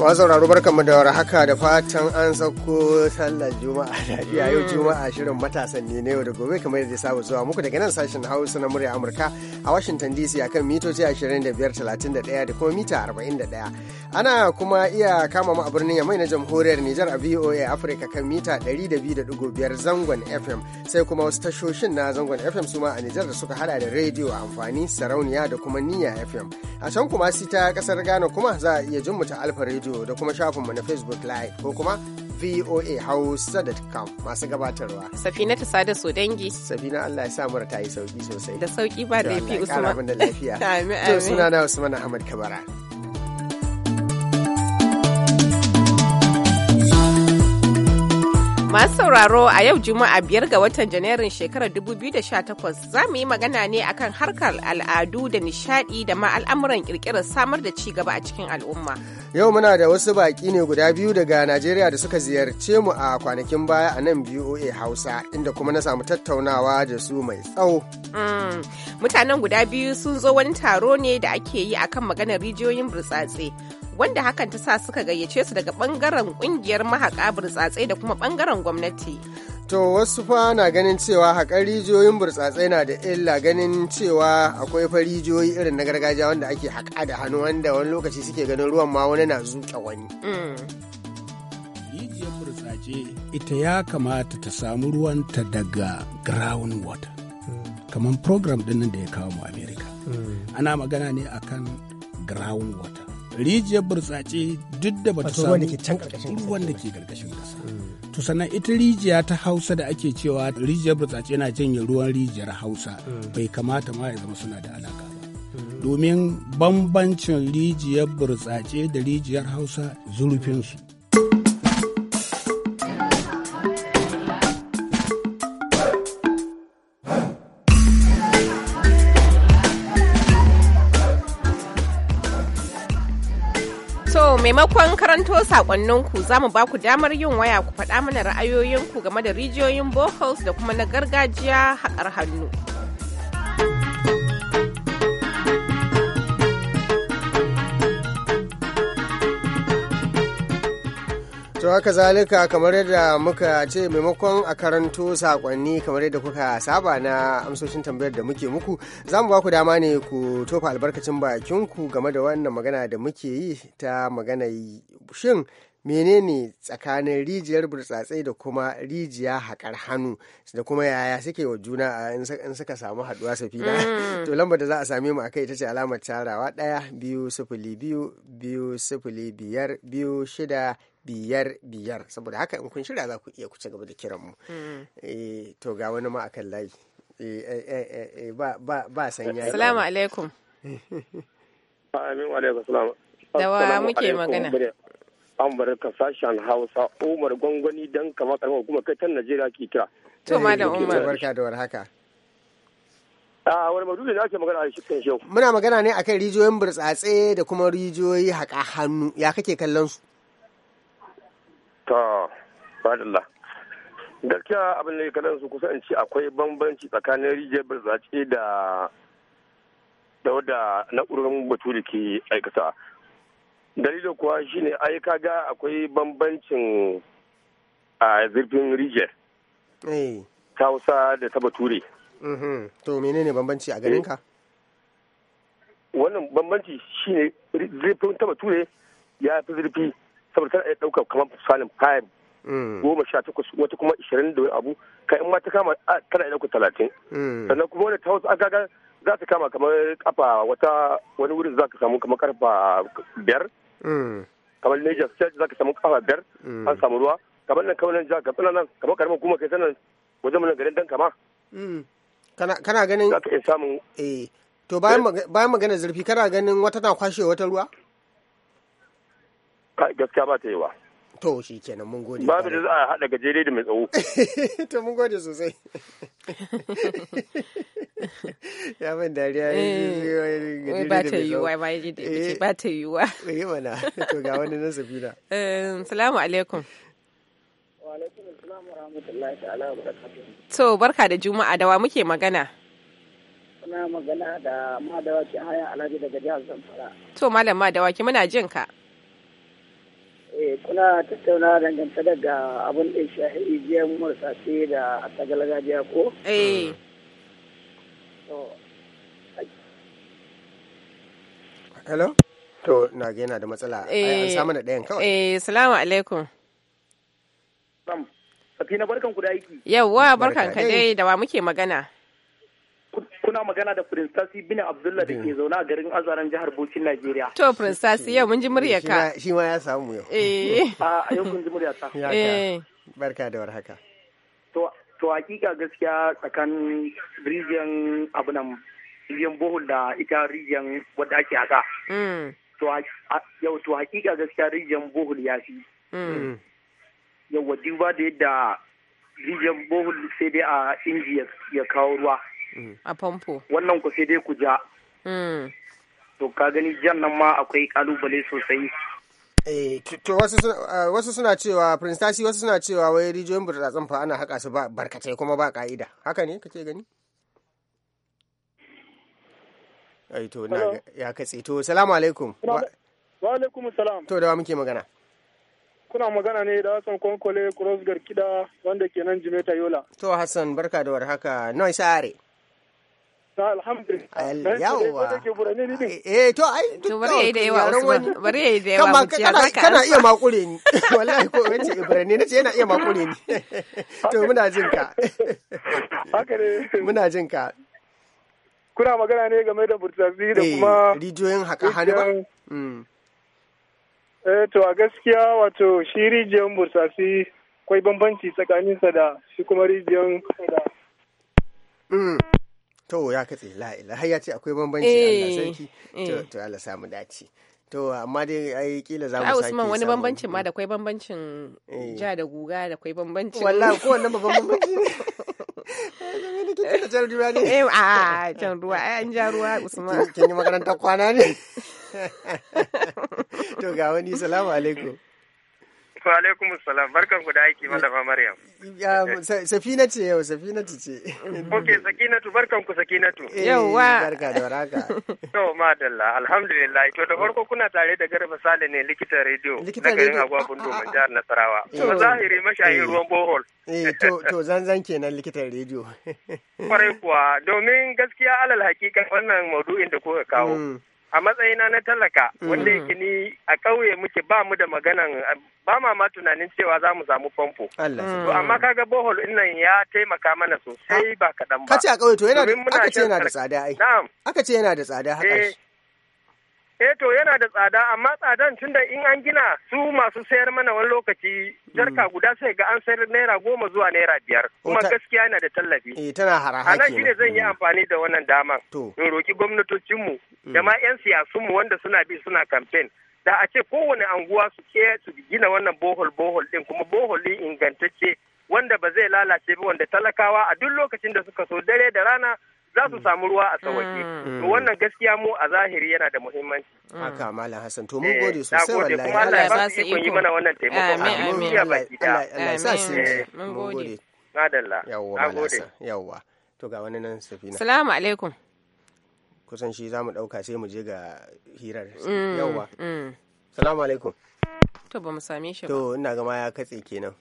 Masu sauraro barkanmu da haka da fatan an sauko sallar juma'a lafiya yau juma'a shirin matasan ne da gobe kamar yadda saba zuwa muku daga nan sashen hausa na murya amurka a washington dc a kan mitoci 2531 da kuma mita 41 ana kuma iya kama mu a birnin yamai na jamhuriyar nijar a voa africa kan mita 200.5 zangon fm sai kuma wasu tashoshin na zangon fm suma a nijar da suka hada da rediyo amfani sarauniya da kuma niyya fm a can kuma sita kasar ghana kuma za a iya jin mu ta alfa rediyo radio da kuma shafinmu na facebook live ko kuma voa hausa.com masu gabatarwa safina ta sada so dangi safina allah ya sa mura ta yi sauki sosai da sauki ba da fi usman da lafiya to suna na usman ahmad kabara Masu sauraro a yau Juma'a biyar ga watan Janairun shekarar 2018 za mu yi magana ne akan harkar al'adu da nishadi da ma al'amuran kirkirar samar da ci gaba a cikin al'umma. Yau muna da wasu baƙi ne guda biyu daga Najeriya da suka ziyarce mu a kwanakin baya a nan BOA Hausa inda kuma na samu tattaunawa da su mai tsawo. Mm. Mutanen guda biyu sun zo wani taro ne da ake yi akan maganar rijiyoyin burtsatse. wanda hakan ta sa suka gayyace su daga bangaren kungiyar mahaka burtsatse da kuma bangaren gwamnati. To wasu fa na ganin cewa haƙar rijiyoyin burtsatsai na da illa ganin cewa akwai fa rijiyoyi irin na gargajiya wanda ake haƙa da hannu wanda wani lokaci suke ganin ruwan ma wani na zuƙa wani. Mm. Rijiyar burtsatse ita ya kamata ta samu ruwanta daga ground water. Kamar program ɗin da ya kawo mu Amerika. Mm. Ana magana ne akan ground water. rijiyar burtsatse duk da bata samu ruwan da ke karkashin kasa mm. to sannan ita rijiya ta hausa da ake cewa rijiyar burtsatse na janye ruwan rijiyar hausa mm. bai kamata ma ya zama suna da alaka ba mm. domin bambancin rijiyar burtsatse da rijiyar hausa su maimakon karanto sakonninku za mu ba ku damar yin waya ku faɗa mana ra'ayoyinku game da rijiyoyin bohols da kuma na gargajiya haƙar hannu. To haka zalika kamar yadda muka ce maimakon a karanto sakonni kamar yadda kuka saba na amsoshin tambayar da muke muku za mu ba ku dama ne ku tofa albarkacin bakin ku game da wannan magana da muke yi ta magana shin menene tsakanin rijiyar burtsatsai da kuma rijiya haƙar hannu da kuma yaya suke wa juna in suka samu haɗuwa safina mm. to lambar da za a same mu a kai ita ce alamar tarawa ɗaya biyu sifili biyu biyu sifili biyar biyu shida biyar biyar saboda haka in kun shirya za ku iya ku ci gaba da kiranmu mm. eh, to ga wani ma akan layi eh, eh, ba san ya salamu alaikum amin da wa muke magana amurka sashen hausa umar gwangwani don kama karamar kuma kai ta najeriya ke kira to da umar barka da warhaka a ah, wani maudu'i da ake magana a cikin shau muna magana ne akan rijiyoyin burtsatse da kuma rijiyoyi haƙa hannu ya kake kallon su To, madalla. Gaskiya abin da ya kalan su kusa in ci akwai bambanci tsakanin rijiyar birzace da da wadda na'urorin batu da ke aikata. Dalilin kuwa shine ai kaga akwai bambancin a zurfin rijiyar. Eh. Ta wusa da ta Bature. Mm-hmm. To menene bambanci a garin ka? Eh. Wannan bambanci shine zurfin ta Bature ya fi zurfi saboda tana iya ɗaukar kamar misalin fayil mm. goma sha takwas wata kuma ishirin da wani abu ka in ma ta kama tana iya ɗaukar talatin mm. sannan kuma wani ta wasu agaga za ta kama kamar kafa wata wani wurin za ka samu kamar karfa biyar mm. kamar Niger State za ka samu kafa biyar an samu ruwa kamar nan kamar nan jihar Katsina nan kamar karamar kuma kai sanan wajen mun garin dan kama kana ganin za ka iya samun eh to bayan eh. magana zurfi kana ganin wata na kwashe wata ruwa gaskiya ba ta yi wa to shi kenan mun gode babu da za a haɗa gajere da mai tsawo to mun gode sosai ya ban dariya ya ba ta yiwuwa ba ya ce ba ta yiwuwa yi mana to ga wani na sabina eh, salamu alaikum To barka da juma'a dawa muke magana. Muna magana da madawa ke haya alhaji daga jihar Zamfara. To malam madawa ki muna jin ka. Eh, kuna tattauna dangantaka daga abin da shahi ijiyar marasa ce da ta galgajiya ko? Eh. Hello? To, na gina da matsala. An eh. samu da ɗayan kawai. Eh, salamu alaikum. na barkan ku da aiki. Yawwa barkan ka dai da wa muke magana. kuna magana da Prince bin Abdullah da ke mm. zaune a garin Azaran jihar Bauchi Najeriya. To Prince yau mun ji murya ka. Shi ma ya samu yau. Eh. A ah, yau kun ji murya ta. Eh. Barka da warhaka. To to hakika gaskiya tsakanin region abunan region bohol da ita region wadda ake haka. Mm. To yau to hakika gaskiya region bohol ya fi. Mm. Yau duba da yadda rijiyar bohol sai dai a inji ya kawo ruwa Mm. a famfo wannan ku sai dai ku ja mm. to ka gani jan nan ma akwai kalubale sosai eh, to eh, wasu suna cewa prince tasi wasu suna cewa wai rijiyoyin burtsatsin fa ana haka su ba barkatai kuma ba ka'ida haka ne kake gani ai to na ya katse to salamu alaikum wa alaikum salam to da wa muke magana kuna magana ne da Hassan Konkole Cross Garkida wanda ke nan Jimeta Yola to Hassan barka da warhaka noise are Yawwa. Eh, eh to to bari yayi da yawa Usman bari yayi da yawa mu kana kana iya makure ni wallahi ko wace Ibrahim nace yana iya makure ni to muna jin ka muna jin ka kuna magana ne game da burtsabi da eh, kuma rijiyoyin haka hannu mm. eh to a gaskiya wato shi rijiyan burtsasi akwai bambanci tsakaninsa da shi kuma rijiyan da mm. to ya katse la'ila har ya ce akwai bambanci Allah eh, sarki eh. to Allah samu dace to amma dai ai kila za mu sake Usman wani bambancin ma eh. da kwai bambancin ja da guga da kwai bambancin wallahi ko wannan babban bambanci ne jan ruwa ne eh a jan ruwa ai an ja ruwa Usman kin yi makarantar kwana ne to ga wani salamu alaikum Wa alaikum salam barkan ku da aiki malama Maryam. Safina ce yau Safina ce ce. Ok tu barkan ku Sakinatu. Eh, Yawwa. Barka da waraka. To madalla alhamdulillah to da farko kuna tare da Garba Sale ne likitan rediyo na garin Agwabun Domin jihar Nasarawa. Eh, to zahiri mashayin eh. ruwan bohol. to to zanzan kenan likitan rediyo. Kwarai kuwa domin gaskiya alal hakika wannan maudu'in da kuka kawo. Mm. a matsayina na talaka mm. wanda yake ni a ƙauye muke ba mu da maganan ba ma ma tunanin cewa za mu samu famfo. To amma kaga bohol in nan ya taimaka mana sosai ba kaɗan ba. Kace a ƙauye to yana da tsada ai. Na'am. Aka ce yana da tsada haka. Eh, eh to yana da tsada amma tsadan tun da in an gina su masu sayar mana wani lokaci jarka hmm. guda sai ga an sayar naira goma zuwa naira biyar eh, kuma gaskiya yana da tallafi eh tana haraha kenan shine zan yi hmm. amfani da wannan dama in roki gwamnatocinmu hmm. da ma yan siyasunmu wanda suna bi suna campaign da a ce kowane anguwa su ke su gina wannan bohol bohol din kuma bohol din ingantacce wanda ba zai lalace ba wanda talakawa a duk lokacin da suka so dare da rana za su samu ruwa a sawaki mm. to wannan gaskiya mu a zahiri yana da muhimmanci mm. haka malam hassan to mun eh, gode sosai wallahi kuma Allah ya ba su ikon yi mana wannan taimako amin Allah ya sa su eh, mun gode madalla yawwa malam yawwa to ga wani nan safina salamu alaikum kusan shi za mu ɗauka sai mu je ga hirar mm, yawwa salamu alaikum to ba mu same shi ba to ina gama ya katse kenan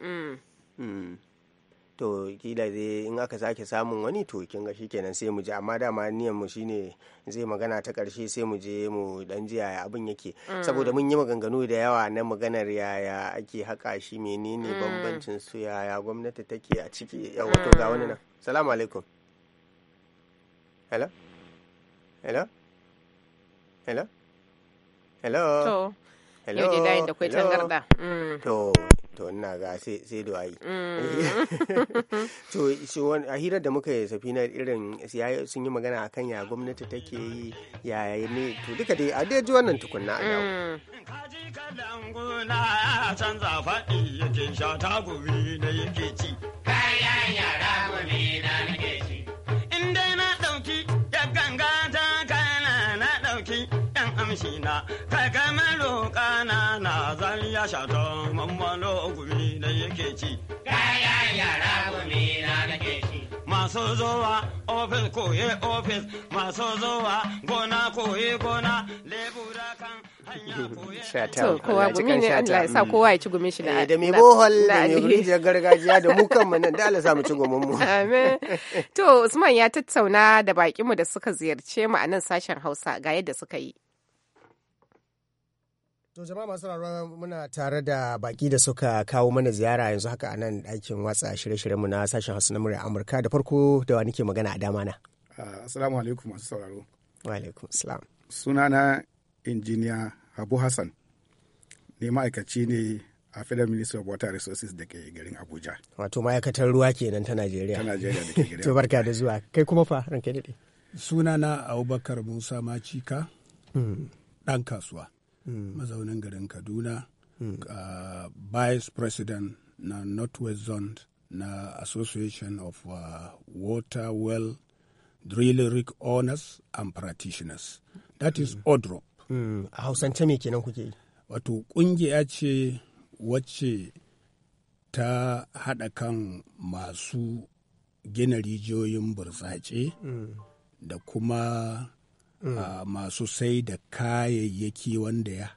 to kila zai in aka sake samun wani to kin ga shikenan sai mu je amma dama niyan mu shine zai magana ta karshe sai mu je mu dan ji yaya abin yake mm. saboda mun yi maganganu da yawa na maganar yaya ake haka shi menene mm. bambancin su yaya gwamnati take a ciki yawa to ga wani nan mm. salamu alaikum hello hello hello hello hello yau dai layin da kwai tangarda mm. to to ina ga sai da wayi mm. to shi a hirar da muka yi safi na irin sun yi magana akan ya gwamnati take yi ya ne to duka dai a dai ji wannan tukunna a yau mm. kaji kadan gona canza faɗi yake sha tagobi na yake ci kamshi kai gumi da yake ci to sa mm. kowa ya ci gumi shi da eh, da bohol da mai rijiyar gargajiya da mu kanmu nan da Allah sa mu ci gumin mu to Usman ya tattauna da bakin da suka ziyarce mu a nan sashen Hausa ga yadda suka yi To jama'a masu sauraron muna tare da baki da suka kawo mana ziyara yanzu haka a nan ɗakin watsa shirye-shiryenmu na sashen Hausa na murya Amurka da farko da wani ke magana a dama na. Ah, assalamu alaikum masu sauraro. Wa alaikum salam. Sunana injiniya Habu Hassan. ne ma'aikaci ne a Federal Ministry of Water Resources da ke garin Abuja. Wato ma'aikatar ruwa kenan ta Najeriya. Ta Najeriya da ke garin. To barka da zuwa. Kai kuma fa ranke daɗe. Sunana Abubakar Musa Macika. Hmm. Ɗan kasuwa. Mm. mazaunin garin kaduna mm. uh, vice president na northwest zone na association of uh, water well drilling rig owners and practitioners that is mm. Odro. a hausance me kenan kuke yi wato ƙungiya ce wacce ta haɗa kan masu gina rijiyoyin burtsace da kuma Mm. Ah, masu sai da kayayyaki wanda ya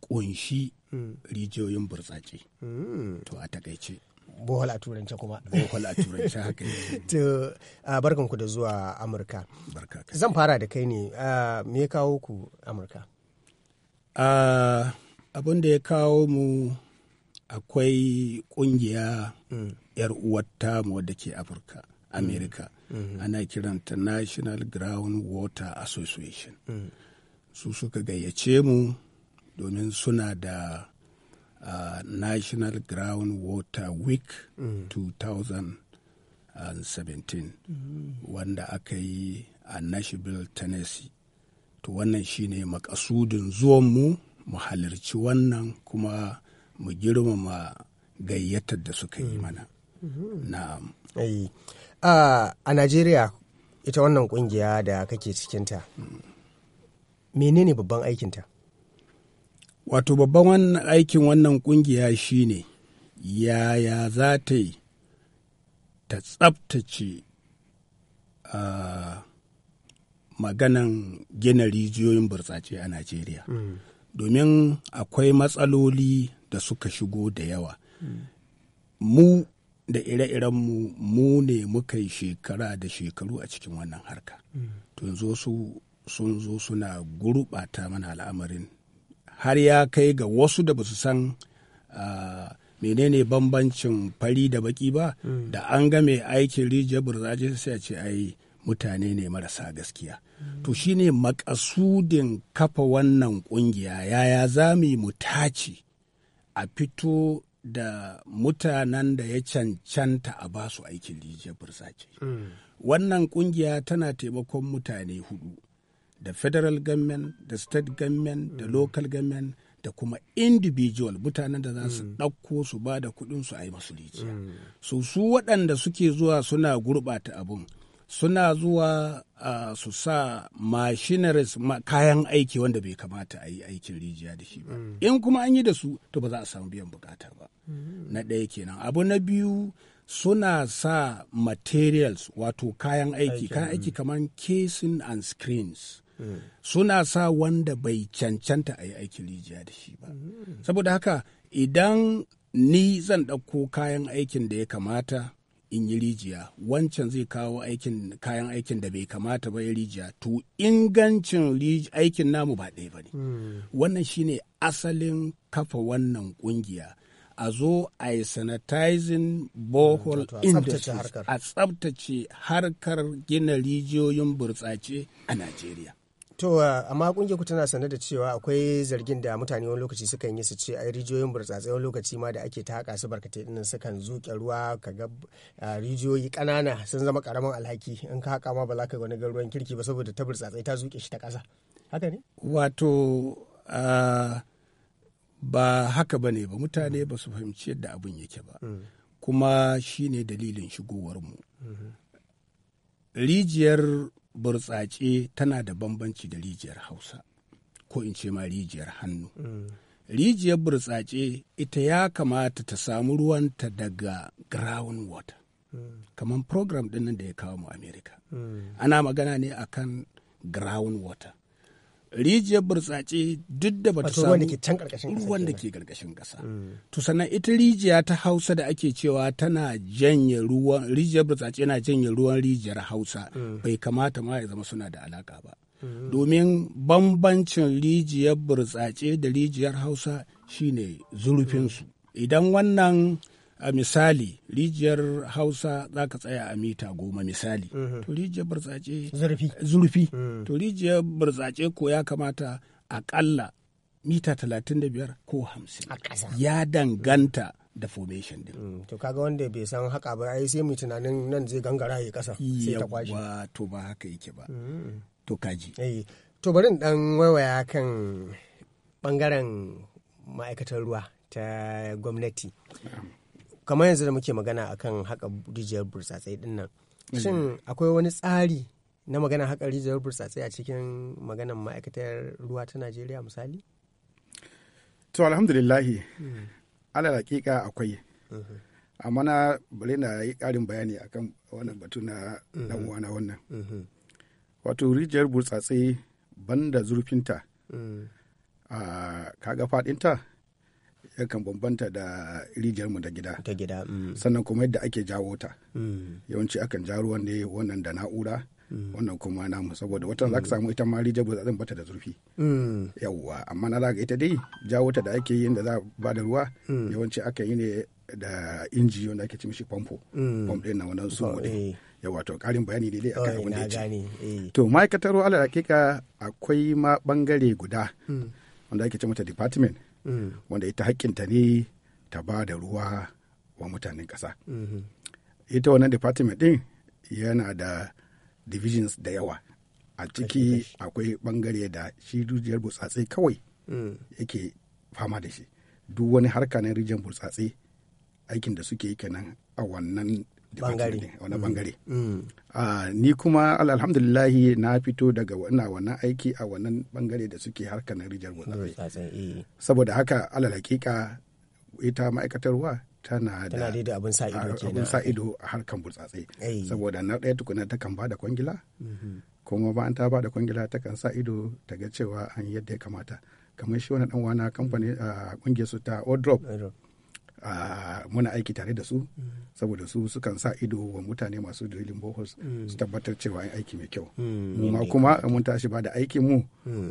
kunshi mm. rijiyoyin burtsatse mm. to a takaice bohol a turance kuma bohol a turance haka to ah, barkan ku da zuwa amurka zan fara da kai ne ah, me ya kawo ku amurka abin da ya kawo mu akwai kungiya yar uwar tamu wadda ke Amurka. amerika mm. Mm-hmm. ana kiranta national ground water association mm-hmm. su suka gayyace mu domin suna da uh, national ground water week 2017 mm-hmm. wanda aka yi a nashville tennessee to wannan shine makasudin zuwanmu mu halarci wannan kuma mu girmama gayyatar da suka yi mana na'am a najeriya ita wannan kungiya da kake cikinta menene babban aikinta wato babban wannan aikin wannan kungiya shine yaya za ta yi ta tsabtace maganan gina rijiyoyin burtsace a najeriya mm. domin akwai matsaloli da suka shigo da yawa mm. mu da ire-iren mu ne muka yi shekara da shekaru a cikin wannan harka mm. to yanzu su sun zo suna gurɓata mana al'amarin har ya kai ga wasu da ba su san ah, menene bambancin fari da baki ba mm. da an ga mai aikin rijiyar burzaje sai a ce ai mutane ne marasa gaskiya mm. to shine makasudin kafa wannan kungiya yaya za mu yi mu tace a fito da mutanen da ya cancanta a ba su aikin rijiyar Mm. Wannan kungiya tana taimakon mutane hudu da federal government da state government da hmm. local government da kuma individual mutanen da za su hmm. ɗauko su ba da kuɗin su a yi masu rijiya. Hmm. So su waɗanda suke zuwa suna gurɓata abun. suna zuwa uh, su sa machineries ma, kayan aiki wanda bai kamata a yi aikin rijiya da shi ba mm. in kuma an yi da su to ba za a samu biyan bukata ba mm. na ɗaya kenan abu na biyu suna sa materials wato kayan aiki kayan aiki mm. kamar casing and screens mm. suna sa wanda bai cancanta a yi aikin rijiya da shi ba mm. saboda haka idan ni zan ɗauko kayan aikin da ya kamata in yi rijiya wancan zai kawo aikin kayan aikin da bai kamata ba ya rijiya to ingancin aikin namu ba ɗaya ba ne hmm. wannan shine asalin kafa wannan kungiya a zo a yi sanitizing bohol hmm, industries a tsabtace harkar gina rijiyoyin burtsace a najeriya To uh, amma kungiyar ku tana sanar da cewa akwai zargin da mutane wani lokaci sukan yi su ce ai rijiyoyin burtsatse wani lokaci ma da ake ta haƙa su barkatai dinnan sukan zuke ruwa ga uh, rijiyoyi kanana sun zama ƙaramin alhaki in ka haka ma ba za ka ga wani ruwan kirki ba saboda ta burtsatse ta zuke shi ta kasa haka ne wato uh, ba haka ba ne ba mutane ba su fahimci yadda abin yake ba mm. kuma shine dalilin shigowarmu mm-hmm. rijiyar burtsatse tana da bambanci da rijiyar hausa ko in ce ma rijiyar hannu mm. rijiyar burtsatse ita ya kamata ta samu ruwanta daga ground water mm. kamar program ɗin da ya kawo mu america mm. ana magana ne akan ground water rijiyar burtsatse duk da bata samu ruwan da ke karkashin kasa mm. to sannan ita rijiya ta hausa da ake cewa tana janye ruwan rijiyar burtsatse na janye ruwan rijiyar hausa mm. bai kamata ma ya zama suna da alaka ba mm. domin bambancin rijiyar burtsace da rijiyar hausa shine zurfinsu idan wannan a misali rijiyar hausa za ka tsaya a mita goma misali mhm. to rijiyar burtsace zurfi mhm. to rijiyar burtsace ko ya kamata akalla mita talatin da biyar ko hamsin ya danganta da formation din. Mm, to kaga wanda bai san haka ba ai sai mu tunanin nan zai gangara ya kasa sai ta kwashi. to ba haka yake ba. Mm. To kaji. Eh to bari in dan waiwaya kan bangaren ma'aikatar ruwa ta gwamnati. kamar yanzu da muke magana akan haka rijiyar burtsatsai din nan shin akwai wani tsari na magana haka rijiyar burtsatsai a cikin maganan ma'aikatar ruwa ta najeriya misali to alhamdulillahi ala laƙiƙa akwai mhm. amma na bari na yi karin bayani akan wannan batu na dan mhm. uwana wannan mhm. wato rijiyar burtsatsai banda zurfinta mm. a kaga fadinta yakan bambanta da rijiyar mu da gida ta gida mm. sannan kuma yadda ake jawo ta mm. yawanci akan ja ruwan ne wannan da na'ura mm. wannan kuma namu saboda wata za ka samu ita ma rijiyar ba zan bata da zurfi yawwa amma na zaga ita dai jawo ta da ake yi da za ba da ruwa yawanci akan yi ne da inji wanda ake ce mishi famfo famfo ɗin na wannan su eh. ya wato karin bayani ne dai akan wanda da ya ce eh. to ma'aikatar ruwa alal hakika akwai ma bangare guda wanda ake ce mata department wanda ita haƙƙinta ne ta ba da ruwa wa mutanen ƙasa mhm. ita wannan department ɗin yana da divisions da yawa a ciki akwai bangare da shi rijiyar burtsatse kawai mm. yake fama da shi duk wani harka na rijiyar burtsatse aikin da suke yi kenan a wannan bangare wani mm-hmm. bangare mm. ah, ni kuma alhamdulillahi na fito daga wannan wannan aiki a wannan bangare da suke harkar na rijar eh. saboda haka alal hakika ita ma'aikatarwa tana da abin sa ido a harkar burtsatse eh. saboda na ɗaya tukuna mm-hmm. ta kan bada kwangila kuma ba an ta bada kwangila ta kan sa ido ta ga cewa an yadda ya kamata kamar shi wani dan wana kamfani a ah, kungiyar su ta Odrop muna aiki tare da su mm. saboda su sukan sa ido wa mutane masu dalilin bohos mm. su tabbatar cewa an aiki mai kyau mm. mu kuma mun tashi ba da aikin mu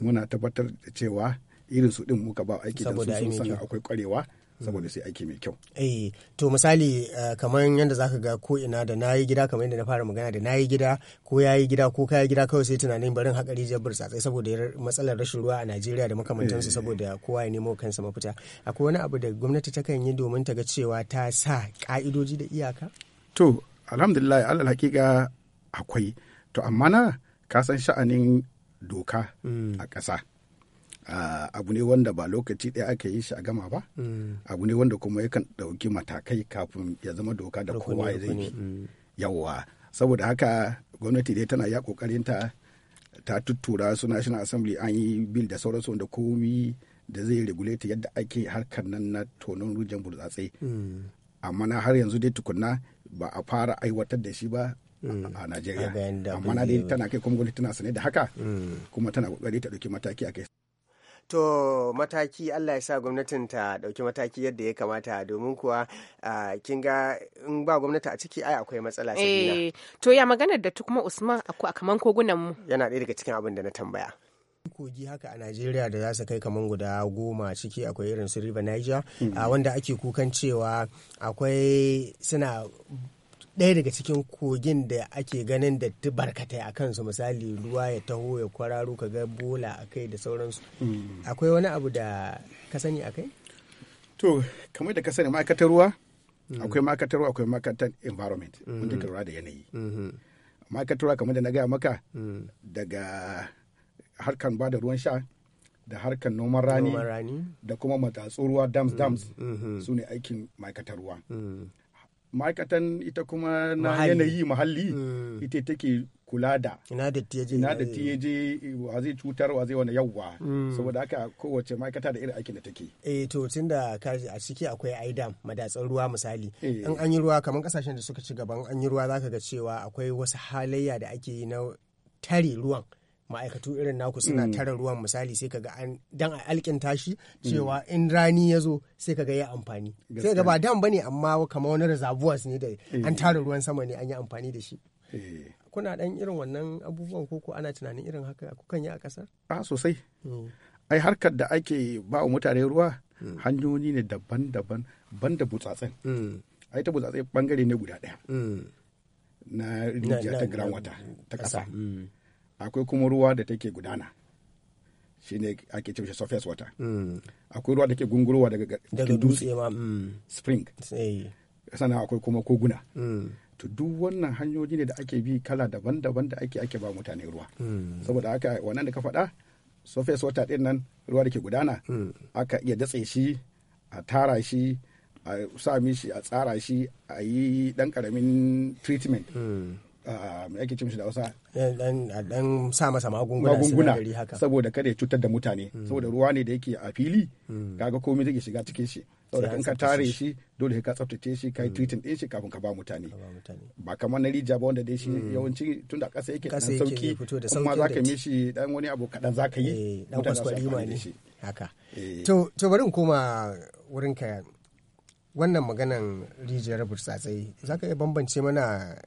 muna tabbatar da cewa irin su din muka ba aiki da su sun san akwai kwarewa saboda sai aiki mai kyau. Eh to misali eh, kamar yadda zaka ga ko ina da na yi gida kamar yadda na fara magana da na yi gida ko ya yi gida ko yi gida kawai sai tunanin barin hakari jiyar burtsatsai saboda matsalar rashin ruwa a Najeriya da makamantansu eh. saboda kowa ya nemo kansa mafita. Akwai wani abu da gwamnati takan yi domin ta ga cewa ta sa ka'idoji da iyaka? To alhamdulillah allah hakika akwai to amma na ka san sha'anin doka mm. a ƙasa. abu ne wanda ba lokaci ɗaya aka yi shi a gama ba mm. abu ne wanda kuma yakan ɗauki matakai kafin ya zama doka da kowa ya zai bi mm. yawwa saboda haka gwamnati dai tana ya ƙoƙarin ta tuttura su national assembly an yi bil da sauransu wanda komi da zai regulate yadda ake harkar nan na tonon rujen burtsatse mm. amma na har yanzu dai tukunna ba a fara aiwatar da shi ba a Najeriya amma na dai tana kai kuma gwamnati tana sane da haka kuma tana kokari ta ɗauki mataki a kai To mataki Allah ya sa gwamnatin ta dauki mataki yadda ya kamata domin kuwa kin ga in ba gwamnati a ciki ai akwai matsala sabila. Eh, to ya maganar da tukuma Usman akwai kaman kogunan mu. Yana ɗaya daga cikin abin da na tambaya. kogi haka a najeriya da za su kai kaman guda goma ciki akwai irin su river niger hmm. wanda ake kukan cewa akwai suna ɗaya daga cikin kogin da ake ganin da barkatai a kansu misali ruwa ya taho ya kwararo ka ga bola a kai da sauransu mm. akwai wani abu da ka sani a kai to kamar da ka sani ma'aikatar ruwa mm. akwai ma'aikatar ruwa akwai ma'aikatar environment wanda mm. ka ruwa da yanayi mm-hmm. ma'aikatar ruwa kamar da na gaya maka daga harkan ba da ruwan sha da harkar noman rani da kuma matatsun ruwa dams dams mm-hmm. su ne aikin ma'aikatar ruwa ma'aikatan ita kuma na yanayi muhalli mm. ita take kula da ina da tiyeje eh. wa zai cutar wa zai wani yawwa mm. saboda haka kowace ma'aikata da irin aikin da take eh to tunda a ciki akwai aidam madatsar ruwa misali eh. in an yi ruwa kamar kasashen da suka ci gaban an yi ruwa zaka ga cewa akwai wasu halayya da ake yi na tare ruwan ma'aikatu irin naku suna mm. tara ruwan misali sai kaga an dan a alkinta shi mm. cewa in rani ya zo sai kaga ya amfani sai ga ba dan bane amma kamar wani reservoirs ne da eh. an tara ruwan sama ne an yi amfani da shi eh. kuna dan irin wannan abubuwan ko ana tunanin irin haka kukan yi a kasar a sosai mm. ai harkar da ake ba wa mutane ruwa hanyoyi ne daban-daban ban da butsatsen ai ta butsatsen bangare ne guda daya na rijiya ta water ta kasa akwai kuma ruwa da take gudana shi ne ake cewa surface water mm. akwai ruwa da ke gungurowa daga cikin dutse mm. spring eh. sannan akwai kuma koguna mm. to duk wannan hanyoyi ne da ake bi kala daban-daban da ake ake ba mutane ruwa saboda haka wannan da ka faɗa surface water ɗin nan ruwa da ke gudana aka iya datse shi a tara shi a sa shi a tsara shi a yi ɗan ƙaramin treatment Ah, me ake ce mishi da Hausa dan sa masa magunguna saboda kada ya cutar da mutane hmm. saboda ruwa ne da yake a fili hmm. kaga komai zai shiga cikin shi saboda kan ka tare shi dole ka tsaftace shi kai hmm. tweetin din shi kafin ka ba mutane ba kamar na rija ba wanda dai shi yawanci tunda kasa yake dan sauki kuma zaka mishi dan wani abu kadan zaka yi dan kwaskwari ma ne shi haka eh. to to bari in koma wurin ka wannan maganan rijiyar burtsatsai za ka iya bambance mana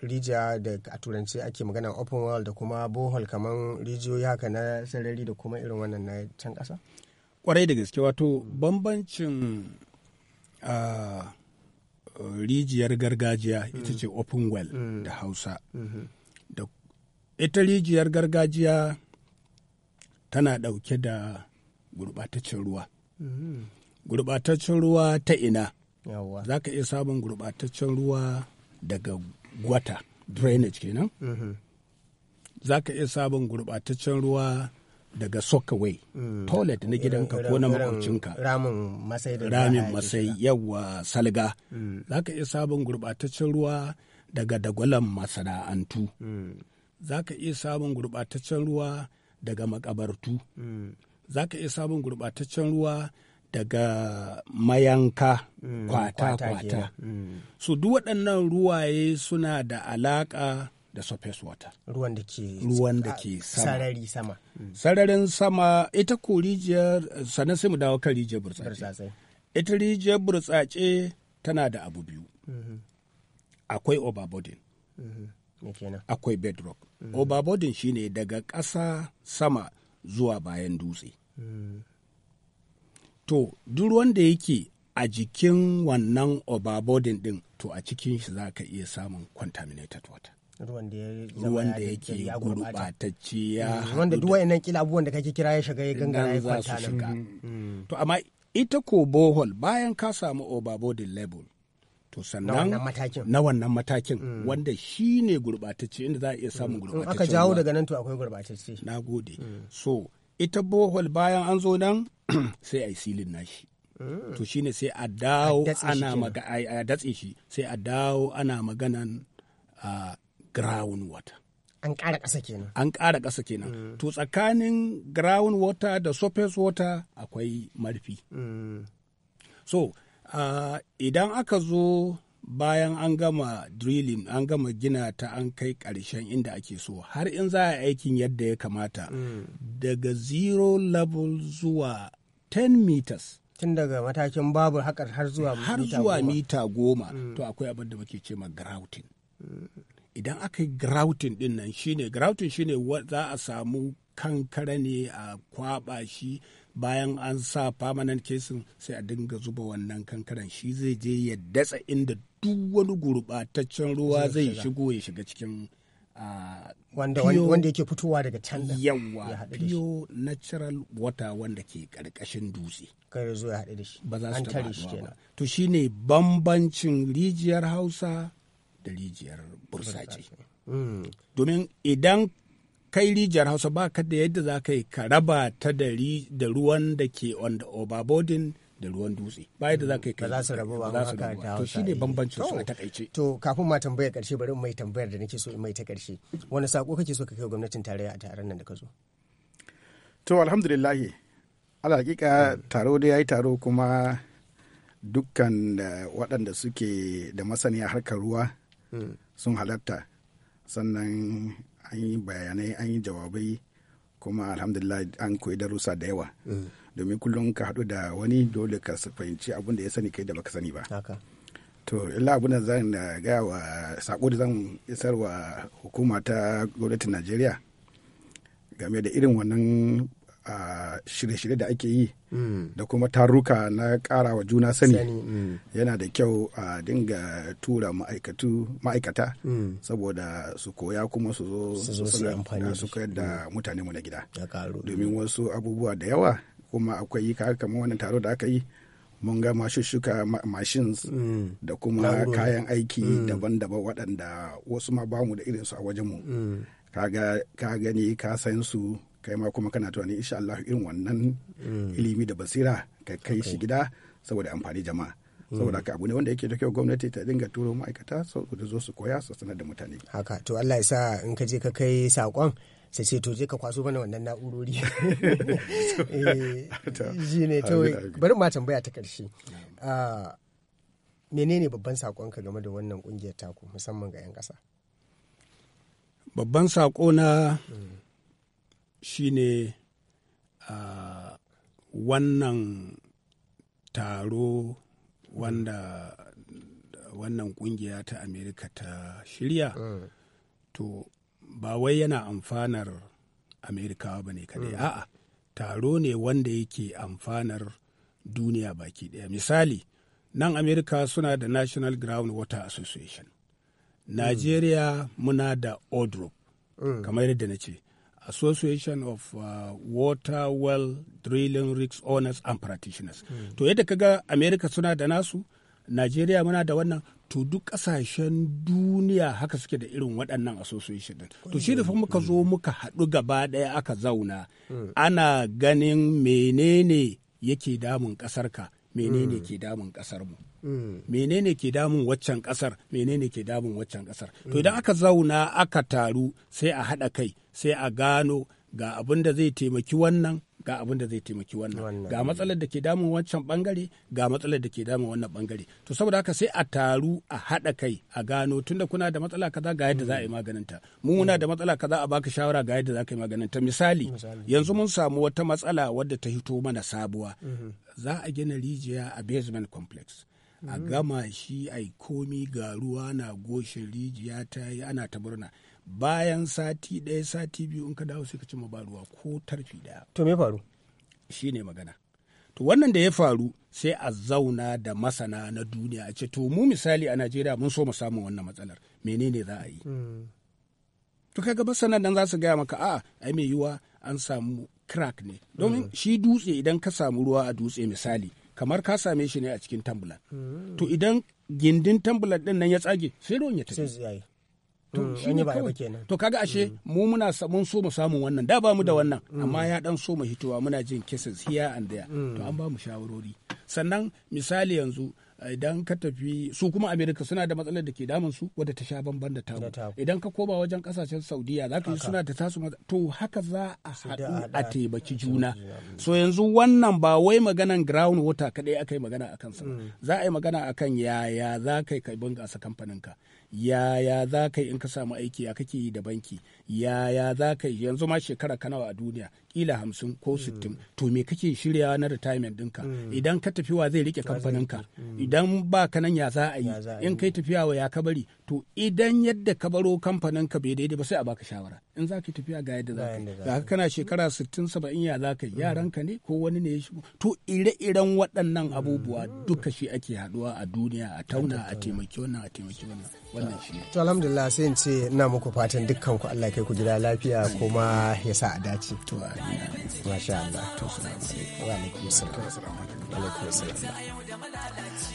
rijiya da a turanci ake magana open world da kuma bohol kamar rijiyoyi haka na sarari da kuma irin wannan na can ƙasa? kwarai da gaske wato bambancin rijiyar gargajiya ita ce mm. open well mm. da hausa mm-hmm. da ita rijiyar gargajiya tana ɗauke da gurɓataccen ruwa mm-hmm. gurɓataccen ruwa ta ina za ka iya samun gurɓataccen ruwa daga gwata drainage kenan mm-hmm. za ka iya sabon gurɓataccen ruwa daga sokaway mm. toilet na gidanka ko na makwabcinka ramin masai yawa salga mm. za ka iya sabon gurɓataccen ruwa daga dagwalan masana'antu mm. za ka iya sabon gurɓataccen ruwa daga makabartu za ka iya sabon gurɓataccen ruwa daga mayanka mm, kwata-kwata. Mm, so duk waɗannan ruwaye suna da alaƙa da surface water. Ruwan da ke ruwan da ke sama. Sarari sama. Mm. Sararin sama ita ko rijiyar sannan sai mu dawo kan rijiyar burtsatse. Ita rijiyar burtsatse tana da abu biyu. Mm-hmm. Akwai overboarding. Mm-hmm. Akwai bedrock. Mm-hmm. Overboarding shine daga ƙasa sama zuwa bayan dutse. Mm. to duk wanda yake a jikin wannan overboarding din to a cikin shi za ka iya samun contaminated water ruwan da yake gurbatacce ya mm, wanda duk wayannan kila abubuwan da kake kira ya shiga ya ganga ya kwanta shiga mm. to amma ita ko bohol bayan ka samu overboarding level to sannan na wannan matakin mm. wanda shi ne gurbatacce inda za a iya samun gurbatacce aka jawo daga nan to akwai gurbatacce na gode so ita bohol bayan an zo nan sai a yi silin nashi mm. to shine sai a dawo ana magana a shi sai a dawo ana maganan a ground water an ƙara ƙasa kenan an ƙara ƙasa kenan mm. to tsakanin ground water da surface water akwai marfi mm. so idan aka zo bayan an gama drilling an gama gina ta an kai ƙarshen inda ake so har in za a aikin yadda ya kamata mm. daga zero level zuwa 10 meters tun daga matakin babu haƙar har zuwa har zuwa mita goma mm. to akwai abin da muke ce ma grouting mm. idan aka yi grouting din nan shine grouting shine za a samu kankara ne a kwaba shi bayan an sa permanent kesin sai a dinga zuba wannan kankaran shi zai je ya datsa inda duk wani gurɓataccen ruwa zai shigo ya shiga cikin ah, wanda yake fitowa daga can da yawa pure natural water wanda ke karkashin dutse kai zo ya haɗe da shi ba za su shi kenan to shine bambancin rijiyar Hausa da rijiyar Burtsace hmm. domin idan kai rijiyar Hausa ba ka da yadda za ka yi ka raba ta da ruwan da ke on the overboarding da ruwan dutse ba yadda za ka yi kai ba za su rabu ba za su rabu to ne bambancin su a takaice to kafin ma tambayar karshe bari mai tambayar da nake so in mai ta karshe wani sako kake so ka kai gwamnatin tarayya a taron nan da ka zo to alhamdulillah ala hakika taro da yayi taro kuma dukkan eh, waɗanda suke da masaniya harkar ruwa hmm. sun halatta sannan an yi bayanai an yi jawabai kuma alhamdulillah an koyi darussa da yawa hmm. domin kullum ka haɗu da wani dole ka fahimci abin da ya sani kai da baka sani ba to illa abin da zan gaya wa sako da zan isar wa hukuma ta gwamnatin najeriya game da irin wannan shirye-shirye da ake yi hmm. da kuma taruka na ƙara wa juna sani hmm. yana da kyau a dinga tura ma'aikata hmm. saboda su koya kuma su zo su koyar da mutane mu na gida domin wasu abubuwa da yawa kuma akwai kamar wannan taro da aka yi mun ga shuka machines mm. da kuma kayan aiki mm. daban-daban waɗanda wasu ma bamu da irinsu a wajenmu mm. ka gani ka san su kai ma kuma kana tunanin insha Allah irin wannan ilimi da basira ka kai shi gida saboda amfani jama'a saboda ka abu ne wanda yake da kyau gwamnati ta dinga turo ma'aikata saboda zo su koya su sanar da mutane haka to Allah ya sa in ka je ka kai saƙon sai ce to je ka kwaso mana wannan na'urori eh, shi ne to bari ma tambaya ta karshe ah, menene babban saƙonka game da wannan ƙungiyar taku musamman ga 'yan ƙasa babban saƙona hmm. shi ne ah, wannan taro wanda wannan ƙungiya ta amerika ta shirya hmm. to ba wai yana amfanar amerika ba ne kadai hmm. a'a taro ne wanda yake amfanar duniya baki ɗaya. misali nan amerika suna da national ground water association hmm. nigeria muna da odrop hmm. kamar yadda na ce association of uh, water well drilling rigs owners and practitioners to yadda kaga amerika suna da nasu nigeria muna da wannan to duk ƙasashen duniya haka suke da irin waɗannan association to shi da fa muka zo muka haɗu gaba ɗaya aka zauna mm. ana ganin menene yake damun ƙasarka menene mm. ke damun mu. Mm. menene ke damun waccan ƙasar menene ke damun waccan ƙasar to idan aka zauna aka taru sai a haɗa kai sai a gano ga abin da zai taimaki wannan ga abin da zai taimaki wannan ga matsalar da ke damun wancan bangare ga matsalar da ke damun wannan bangare to saboda haka sai a taru a haɗa kai a gano tunda kuna da matsala kaza ga yadda za a yi maganinta mu muna da matsala kaza a baka shawara ga yadda za ka yi maganinta misali yanzu mun samu wata matsala wadda ta hito mana sabuwa mhm. za a gina rijiya a basement complex a mhm. gama shi a komi ga ruwa na goshin rijiya ta yi ana ta murna bayan sati ɗaya sati biyu in ka dawo sai ka ci ba ruwa ko tarfi ɗaya. To me faru? Shi ne magana. To wannan da ya faru sai a zauna da masana na duniya a ce to mu misali a Najeriya mun so mu samu wannan matsalar menene za a yi? Hmm. To ga masana nan za su gaya maka a ai mai yiwa an samu crack ne. Domin hmm. shi dutse idan ka samu ruwa a dutse misali kamar ka same shi ne a cikin tambulan. Hmm. To idan gindin tambulan ɗin nan ya tsage sai ruwan ya tafi. to mm, shine kawai to kaga ashe mm. mu muna mun so mu samu wannan da ba mu da mm. wannan amma ya dan so mu hitowa muna jin cases here and there to an ba mu shawarori sannan misali yanzu idan ka tafi su kuma amerika suna da matsalar da ke damun su wadda ta sha bamban da tamu idan ka koma wajen kasashen saudiya za ka yi suna da tasu to haka za a haɗu a taimaki juna so yanzu wannan ba wai maganan ground water kaɗai aka yi magana a kansa za a yi magana a kan yaya za ka yi ka bunƙasa kamfaninka yaya za ka yi in ka samu aiki ya kake yi da banki yaya za ka yi yanzu ma shekara kanawa a duniya kila hamsin ko mm. sittin to me kake shirya na retirement dinka mm. idan ka tafi wa zai rike kamfaninka mm. idan ba ka nan ya za a yi in kai tafiya wa ya ka bari to idan yadda ka baro kamfaninka bai daidai ba sai a baka shawara in za ka tafiya ga yadda za ka yi kana shekara sittin saba'in ya za ka yi yaranka ne ko wani ne ya shigo to ire-iren waɗannan abubuwa duka shi ake haɗuwa a duniya a tauna a taimaki wannan a taimaki wannan wannan shi to alhamdulillah sai in ce ina muku fatan dukkan ku Allah kai ku gida lafiya kuma ya sa a dace to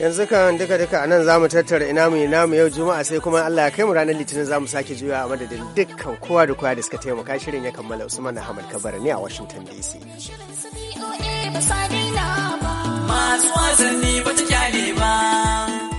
Yanzu kan duka duka a nan zamu tattara ina mu ina mu yau Juma'a sai kuma Allah ya kai mu ranar Litinin zamu sake juya a madadin dukkan kowa da kowa da suka taimaka shirin ya kammala Usman Ahmad Kabar ne a Washington DC. Masu